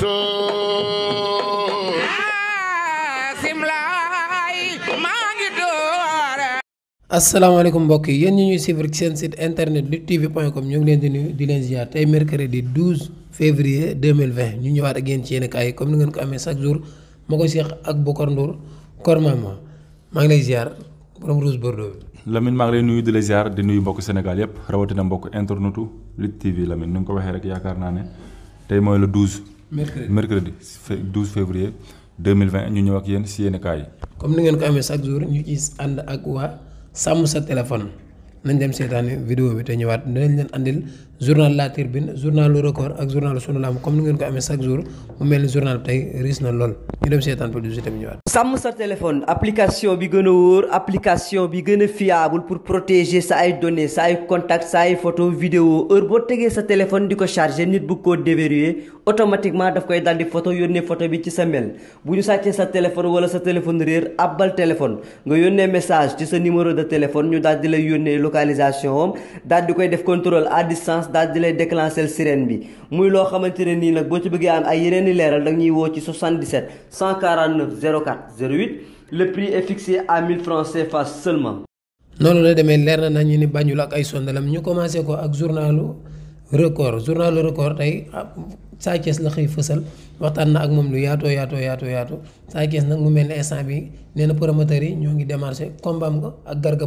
tóor asalaamaaleykum mbokk yi yéen ñi ñuy suivre ci seen site internet comme ñu ngi leen di nuyu di leen ziar tey mercredi 12 février 2020 ñu ñëwaat ak yéen ci yéen kaay ay comme ni ngeen ko amee chaque jour moo ko seex ak Bokar Ndour Kor Mama maa ngi lay ziar borom Rouge Bordeaux bi. maa ngi lay nuyu di la ziar di nuyu mbokk Sénégal yëpp rawatina mbokk internetu Lutte TV Lamine ni nga ko waxee rek yaakaar naa ne tey mooy le 12. mercredi mercredi 12 février 2020 ñu ñëw ak yéen si yéen kaay comme ni ngeen ko amee chaque jour ñu ci ànd ak waa sàmm sa téléphone nañ dem seetaani vidéo bi te ñëwaat dinañ leen andil journal La Tribune journalu record ak journalu sunu lamb comme bi tey riis na lool sàmm sa téléphone application bi gën a wóor application bi gën a fiable pour protéger sa ay données sa ay contacts sa ay photos vidéo heure boo tegee sa téléphone di ko chargé nit bu ko déverrouiller automatiquement daf koy daldi photo yónnee photo bi ci sa mail bu ñu sàccee sa téléphone wala sa téléphone réer abbal téléphone nga yónnee message ci sa numéro de téléphone ñu daal lay yónnee localisation am koy def contrôle à distance. France daal di lay déclencher sirène bi muy loo xamante ne nii nag boo ci bëggee am ay yeneen i leeral da ñuy woo ci 77 149 04 08 le prix est fixé à 1000 francs CFA seulement. noonu la demee leer na nañu ni Banjul ak ay sondalam ñu commencé ko ak journalu record journalu record tey ah, Sa Thiès la xëy fësal waxtaan na ak moom lu yaatoo yaato yaato yaatoo Sa Thiès nag mu mel ni instant bi nee na promoteurs yi ñoo ngi démarché combat am ak Garga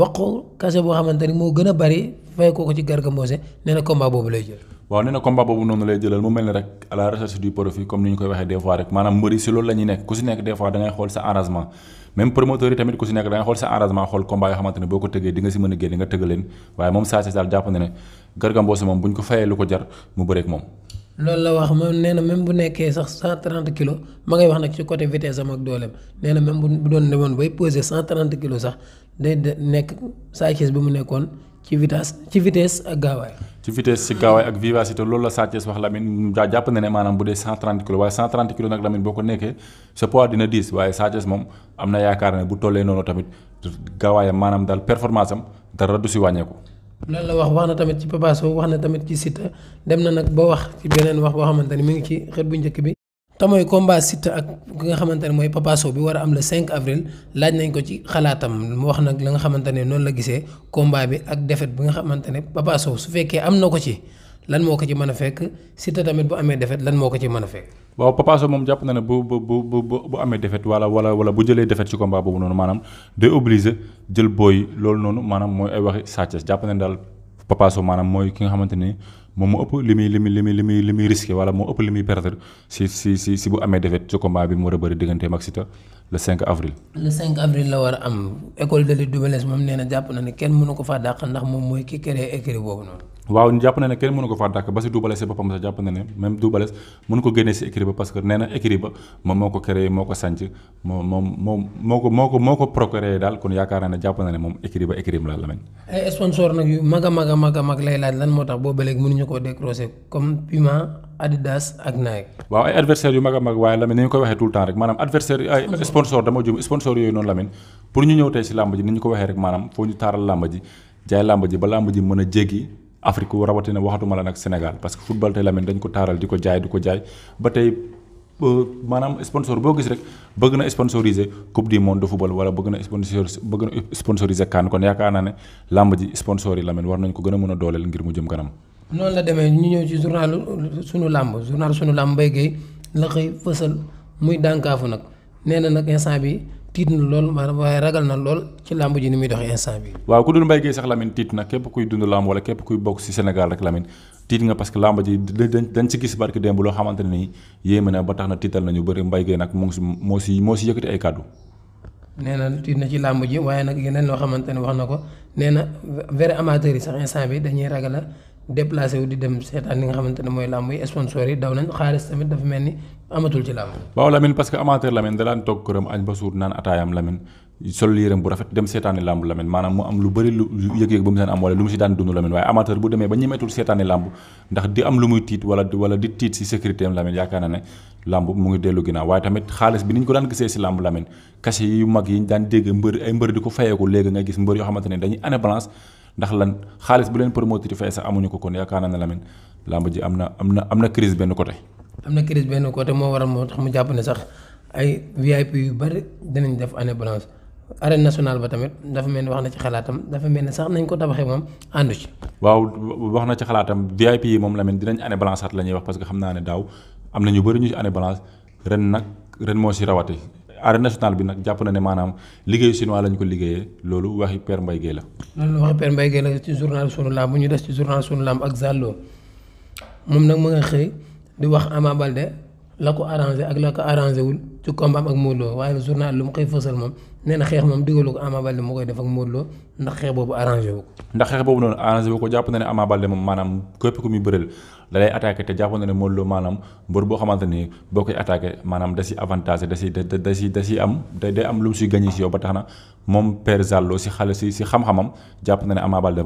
waqo kase boo xamante ni moo gën a bari fay ko ci Garga Mbossé nee boobu lay jël. waaw nee na boobu noonu lay jëlal mu mel ni rek à recherche du profit comme ni ñu koy waxee des rek maanaam mbëri si loolu la nekk ku si nekk des fois xool sa arrangement même promoteur yi tamit ku si nekk da xool sa arrangement xool combat yoo xamante boo ko tëggee di si mën génne nga tëgg leen waaye moom saa si daal jàpp ne day nekk Sa Thiès bi mu nekkoon ci vitesse ci vitesse ak gaawaay. ci vitesse ci gaawaay ak vivacité loolu la Sa Thiès wax Lamine daa jàpp na ne maanaam bu dee 130 kilos waaye 130 kilos nag sa poids dina waaye Sa moom am na yaakaar ne bu tollee noonu tamit gaawaayam maanaam daal performance am dara du si wàññeeku. loolu la wax wax na tamit ci Papa Sow wax na tamit ci Siteu dem na nag ba wax ci beneen wax boo xamante ni mu ngi ci xët bu njëkk bi. te mooy combat Siteu ak ki nga xamante ne mooy Papa bi war a am le 5 avril laaj nañ ko ci xalaatam mu wax nag la nga xamante ne noonu la gisee combat bi ak défaite bi nga xamante ne Papa su fekkee am na ko ci lan moo ko ci mën a fekk Siteu tamit bu amee defet lan moo ko ci mën a fekk. waaw Papa Sow moom jàpp na ne bu bu bu bu amee defet wala wala wala bu jëlee defet ci combat boobu noonu maanaam day obligé jël booy loolu noonu maanaam mooy ay waxi Sa jàpp na daal Papa Sow mooy ki nga xamante ni. moom moo ëpp li muy li muy li muy li muy li muy moo ëpp li muy perdre si si si si bu amee défaite ci combat bi mu war a bëri digganteem ak Siteu le 5 avril. le 5 avril la war a am école de lutte Double moom nee jàpp na ne kenn mënu ko faa dàq ndax moom mooy ki créé écurie boobu noonu. waaw ñu jàpp na ne kenn mënu ko faa dàkk ba si duubale si boppam sax jàpp na ne même duubale mënu ko génnee si écrit ba parce que nee na écrit ba moom moo ko créé moo ko sànc moo moom moom moo ko moo ko moo ko procuré daal kon yaakaar naa ne jàpp na ne moom écrit ba écrit la la mel. ay sponsor nag yu mag a mag a mag a mag lay laaj lan moo tax boobu ba léegi mënuñu koo décroché comme Puma Adidas ak Nike. waaw ay adversaires yu mag a mag waaye Lamine ni ñu koy waxee tout le temps rek maanaam adversaire ay sponsor dama jum sponsor yooyu noonu Lamine pour ñu ñëw tey si làmb ji ni ñu ko waxee rek maanaam foo ñu taaral làmb ji jaay làmb ji ba làmb ji mën a jéggi Afrique rawatina waxatuma la nag Sénégal parce que football tey Lamine dañ ko taaral di ko jaay di ko jaay ba tey maanaam sponsor boo gis rek bëgg na sponsoriser coupe du monde de football wala bëgg na sponsor bëgg na sponsoriser kan kon yaakaar naa ne làmb ji sponsor yi Lamine war nañ ko gën a mën a dooleel ngir mu jëm kanam. noonu la demee ñu ñëw ci journal sunu làmb journal sunu làmb Mbaye la xëy fësal muy dànkaafu nag nee na nag instant bi tiit na lool maanaam waaye ragal na lool ci làmb ji ni muy doxee instant bi waaw ku dul Mbaye Guèye sax Lamine tiit na képp kuy dund làmb wala képp kuy bokk ci Sénégal rek Lamine tiit na ba tax na tiital nañu na tiit na ci làmb ji waaye nag yeneen loo xamante ne wax na ko nee na vrai amateur yi sax instant bi dañuy ragala déplacé wu di dem seetaan li nga xamante ne mooy làmb yi sponsor yi daw nañ xaalis tamit dafa mel ni amatul ci làmb waaw Lamine parce que amateur Lamine da daan toog këram añ ba suur naan ataayam Lamine sol yéreem bu rafet dem seetaani làmb Lamine maanaam mu am lu bëri lu yëg-yëg ba mu seen am wala lu mu si daan dund Lamine waaye amateur bu demee ba ñemeetul seetaani làmb ndax di am lu muy tiit wala di tiit si sécurité am yaakaar na ne làmb mu ngi dellu ginnaaw waaye tamit xaalis bi ni ñu ko daan gisee si làmb Lamine cachet yu mag yi ñu di ko fayeeku léegi nga gis mbër yoo xamante ne dañuy année balance ndax lan xaalis bu leen promoteur fay sax amuñu ko kon yaakaar na ne Lamine làmb ji am na am na am na crise benn am na crise benn côté moo waral moo tax mu jàpp ne sax ay VIP yu bari dinañ def année blanche arène nationale ba tamit dafa mel ni wax na ci xalaatam dafa mel ni sax nañ ko tabaxee moom àndu waaw wax na ci xalaatam VIP yi moom la dinañ année blanche at la ñuy wax parce que xam naa ne daaw am na ñu bëri ñu ci année blanche ren ren moo si rawati arène nationale bi nag jàpp na ne maanaam liggéeyu chinois lañ ko liggéeyee loolu waxi Père Mbaye Guèye la. loolu waxi Père la ci journal sunu lamb bu ñu des ci journal moom nag mu nga xëy. di wax Ama Balde la ko arrangé ak la ko arrangé wul ci combat ak Modou Lo waaye journal lu mu koy fësal moom nee na xeex moom digalu ko Ama Baldé mu koy def ak Modou Lo ndax jàpp na ne Ama Baldé moom maanaam képp ku muy bëreel da lay attaqué te jàpp boo xamante ni boo koy attaqué maanaam da si avantage da si da da si da si am da lu si gagné si yow ba tax na moom Père Zallo si xale si si na ne Ama Baldé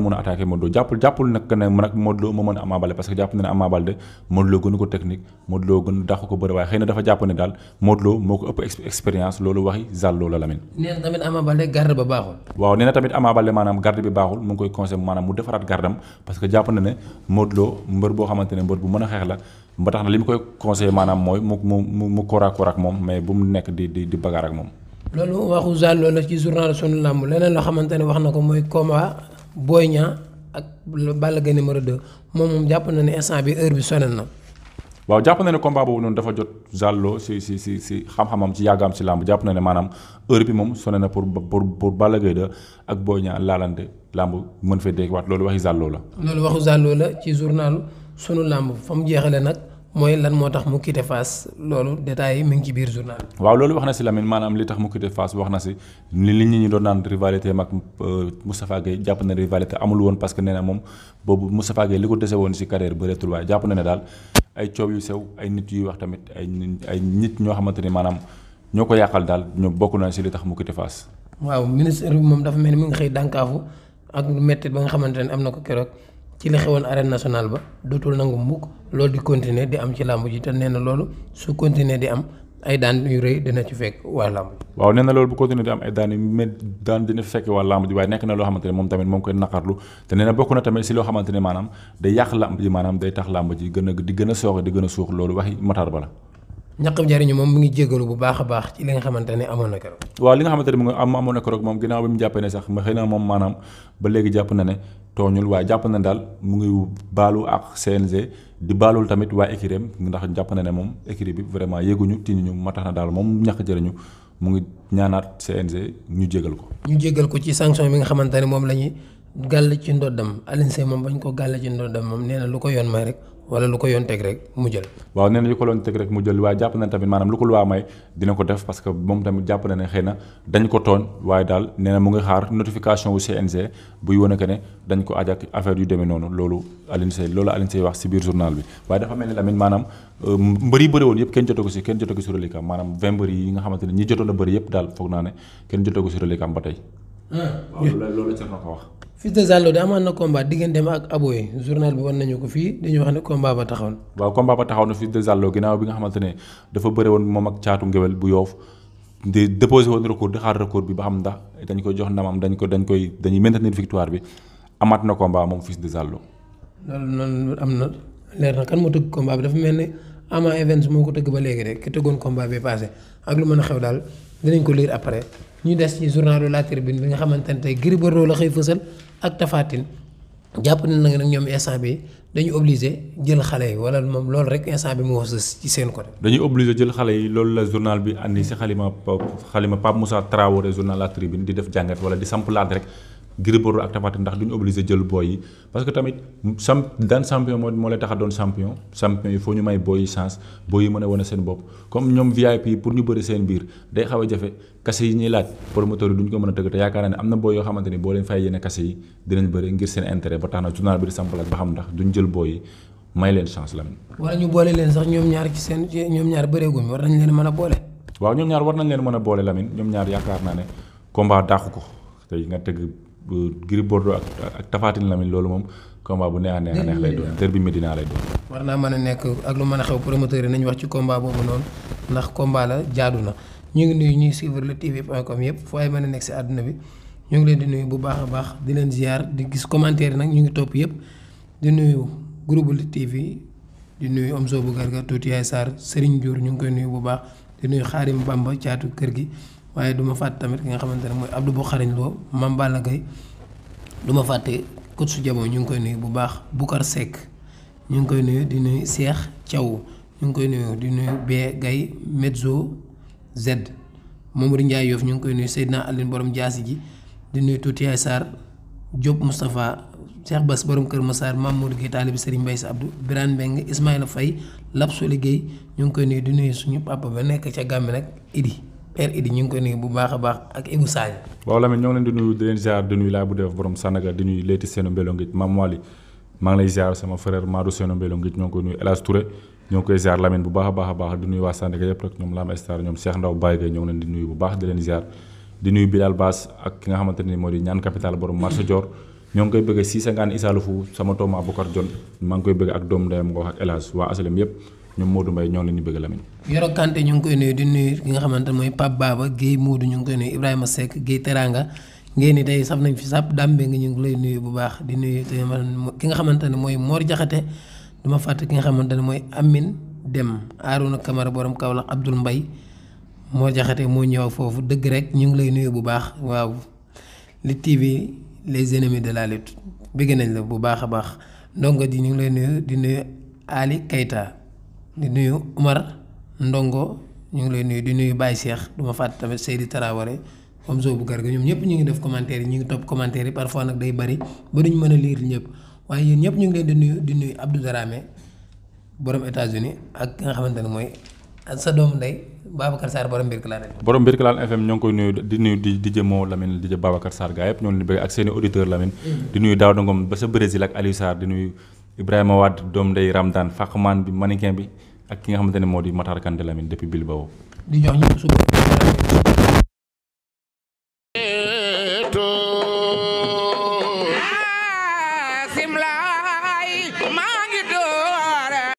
mun a attaqué Modou jàppul jàppul nag ne nag Modou Lo moo mën a Ama Baldé parce que jàpp na ne Ama Baldé Modou gënu ko technique Modou Lo gënu dàq ko bëri waaye xëy na dafa jàpp ne daal Modou Lo moo ko ëpp expérience loolu waxi Zallo la Lamine. nee na tamit Ama Baldé garde ba baaxul. waaw nee na tamit Ama Baldé maanaam garde bi baaxul mu ngi koy conseillé maanaam mu defaraat gardam parce ne Modou Lo mbër boo xamante a li mu maanaam mooy mu mu mu kooraakoor ak moom mais bu mu nekk di moom. loolu waxu Zallo la ci journal sunu làmb leneen loo xamante ne wax na ko mooy combat Boy Niang ak Balla Gaye numéro 2 moom moom jàpp na ne instant bi heure bi sonal na. waaw jàpp na ne combat boobu noonu dafa jot Zallo si si si xam-xamam ci yàggaam si làmb jàpp na ne maanaam heure bi moom sonné na pour pour pour Balla Gaye da ak Boy Niang laalante làmb mën fee dekkiwaat loolu waxi Zallo la. loolu waxu Zallo la ci journalu sunu làmb fa mu jeexale nag. mooy lan moo tax mu quitté Fass loolu détails yi mu ngi ci biir journal waaw loolu wax na si Lamine maanaam li tax mu quitté Fass wax na si li nit ñi doon naan rivalité mag euh, Moustapha Gueye jàpp na rivalité amul woon parce que nee moom boobu Moustapha Gueye ko dese woon si carrière bëreetul waaye jàpp na ne daal ay coow yu sew ay nit yuy wax tamit ay ay nit ñoo xamante ni maanaam ñoo ko yàqal daal ñoom bokk naa si li tax mu quitté Fass. waaw ministre bi moom dafa mel ni mu ngi xëy dànkaafu ak métti ba nga xamante ne am na ko keroog ci li xewoon arène nationale ba dootul nangu mukk loolu di continuer di am ci làmb ji te nee na loolu su continuer di am ay daan yu rëy dina ci fekk waa làmb ji waaw nee loolu bu continuer di am ay daan yu met daan dina fekk waa làmb ji waaye nekk na loo xamante ne moom tamit moom koy naqarlu te nee na bokk na tamit si loo xamante ne maanaam day yàq làmb ji maanaam day tax làmb ji gën a di gën a sooxe di gën a suux loolu waxi Matar Ba ñaqam jariñu moom mu ngi jégalu bu baax a baax ci li nga xamante ne amoon na keroog waaw li nga xamante ne mu ngi am na keroog moom ginnaaw bi mu na moom maanaam ba léegi jàpp na ne tooñul waaye jàpp na daal mu ngi baalu ak CNG di baalul tamit waa écurie ndax jàpp na ne moom écurie bi vraiment yéeguñu tiiñuñu ma tax na daal moom ñaq jariñu mu ngi ñaanaat CNG ñu jégal ko ñu jégal ko ci sanction bi nga xamante ne moom la ñuy gàll ci ndoddam Alioune Sèye moom bañ ko gàll ci ndoddam moom nee na lu ko yoon may rek wala lu ko yoon teg rek mu jël waaw nee na ko yoon teg rek mu jël waaye jàpp na tamit maanaam lu ko luwaa may dina ko def parce que moom tamit jàpp na ne xëy na dañ ko tooñ ngi xaar notification wu CNG buy ne dañ ko ajak affaire yu demee noonu loolu Alioune Seye loolu Alioune Seye wax si biir journal bi waaye dafa mel ni tamit maanaam euh, mbëri bëri woon yëpp kenn jote ko si kenn jot ko si reliquat maanaam vingt yi nga xamante ne ñi joto a bëri yëpp daal foog naa ne kenn jote ko si reliquat ba tey waaw loolu ca na ko wax. Fils de Zale Lo de amaan na combat digganteem ak Aboy journal bi wan nañu ko fii dañu wax ne combat ba taxaw na. waaw combat ba taxaw na Fils de Zale Lo ginnaaw bi nga xamante ne dafa bëre woon moom ak caatu ngewel bu yoof di déposé woon recours di xaar recours bi ba xam ndax dañ ko jox ndamam dañ ko dañ koy dañuy maintenir victoire bi amaat na combat moom Fils de Zale Lo. loolu noonu am na leer na kan moo tëgg combat bi dafa mel ne Ama Events moo ko tëgg ba léeg rek ki tëggoon combat bi passé ak a xew daal. dinañ ko lire après ñu des ci journalu La Tribune bi nga xamante ne tey Gris Bordeaux la xëy fësal ak Tapha jàpp na nag ñoom instant bi dañu obligé jël xale yi wala moom loolu rek instant bi mu wax ci seen côté. dañu obligé jël xale yi loolu la journal bi andi si xalima xalima Pape Moussa Traoré journal La Tribune di def jàngat wala di samp laat rek. Gris Bordeaux ak Tapha Tine ndax duñu obligé jël booy yi parce que tamit sam daan champion moo moo lay tax a doon champion champion yi faut ñu may booy yi chance booy yi mën a wane seen bopp comme ñoom VIP pour ñu bëri seen biir day xaw a jafe kase yi ñuy laaj promoteur yi duñ ko mën a tëgg te yaakaar naa ne am na booy yoo xamante ni boo leen fay yenn kase yi dinañ bëri ngir seen intérêt ba tax na journal bi di sampalaat ba xam ndax duñ jël booy yi may leen chance la wala ñu boole leen sax ñoom ñaar ci seen ñoom ñaar bëreeguñ war nañ leen mën a boole waaw ñoom ñaar war nañ leen mën a boole Lamine ñoom ñaar yaakaar naa ne combat dàqu ko tey nga tëgg Gris Bordeaux ak ak Tapha Tine Lamine loolu moom combat bu neex a neex a neex lay doon derby Médina lay doon. war naa mën a nekk ak lu mën a xew promoteur yi nañu wax ci combat boobu noonu ndax combat la jaadu na ñu ngi nuyu ñuy suivre le tv point com yëpp fu ay mën a nekk si àdduna bi ñu ngi leen di nuyu bu baax a baax di leen ziar di gis commentaire yi nag ñu ngi topp yëpp di nuyu groupe le tv di nuyu Omzo bu Garga tuuti yaay Sarr Serigne Diour ñu ngi koy nuyu bu baax di nuyu Xaarim Bamba caatu gi. waaye duma ma fàtte tamit ki nga xamante ne mooy Abdou bu xarañ loo Mame Balla Gaye du fàtte coach su jamono ñu ngi koy nuyu bu baax Boucar Seck ñu ngi koy nuyu di nuyu Cheikh Thiaw ñu ngi koy nuyu di nuyu Bé Gaye Mezzo Z Mamadou Ndiaye Yoff ñu ngi koy nuyu Seydina Aline borom jaasi ji di nuyu Tuuti Yaay Sarr Diop Moustapha Cheikh Bass borom Kër Massar Mamadou Gueye taalibi Serigne Mbaye sa Abdou Birane Mbengue Ismaïla Faye Lapso Liggéey ñu ngi koy nuyu di nuyu suñu papa ba nekk ca gàmmi nag Idi père Idi ñu ngi koy nuyu bu baax a baax ak Ibou Sagne. waaw Lamine ñoo leen di nuyu di leen ziar di nuyu laa bu def borom Sandaga di nuyu Leyti Seno Mbelo Ngit Mame Waly lay ziar sama frère Madou Seno Mbelo Ngit ñoo koy nuyu El Hadj Touré ñoo ngi koy ziar Lamine bu baax a baax a baax di nuyu waa Sandaga yëpp rek ñoom Lam Star ñoom Cheikh Ndaw Baye Gueye ñoo leen di nuyu bu baax di leen ziar di nuyu Bilal Bass ak ki nga xamante moo di ñaan capital borom marché Dior ngi koy bëgg si sangaan isaalu fu sama tooma Bokar koy bëgg ak doom yëpp ñoom Modou Mbaye ñoo leen di bëgg Lamine. Yoro Kanté ñu ngi koy nuyu di nuyu ki nga xamante mooy Pape Baba Guèye Modou ñu ngi koy nuyu Ibrahima Seck Guèye Teranga ngeen ni tey saf nañ fi sàpp dàmbe nga ñu ngi lay nuyu bu baax di nuyu ki nga xamante ne mooy Mor Jaxate duma fàtte ki nga xamante ne mooy Amine Dem Arouna Camara borom Kaolack Abdoul Mbaye Mor Jaxate moo ñëw foofu dëgg rek ñu ngi lay nuyu bu baax waaw li bi les ennemis de la lutte bëgg nañ la bu baax a baax ndongo ji ñu ngi lay di nuyu Ali Keita di nuyu Umar Ndongo ñu ngi lay nuyu di nuyu Baye Cheikh du ma fàtte tamit Seydi Traoré comme zo bu gar ga ñoom ñëpp ñu ngi def commentaire yi ñu ngi topp commentaire yi parfois nag day bari ba duñ mën a lire ñëpp waaye yéen ñëpp ñu ngi leen di nuyu di nuyu Abdou Darame borom États-Unis ak ki xamante ne mooy sa doomu ndey Babacar Sarr borom Birkelane FM. borom ñoo koy nuyu di nuyu di DJ Mo Lamine DJ Babacar Sarr gaa yëpp ñoo ngi leen di bëgg ak seen i auditeurs Lamine. Mm. di nuyu Daouda Ngom ba sa Brésil ak Aliou di nuyu. Ibrahima Wade doom day Ramdan Fakman bi mannequin bi ak ki nga xamante ne moo di Matar Kandé Lamine depuis Bilbao.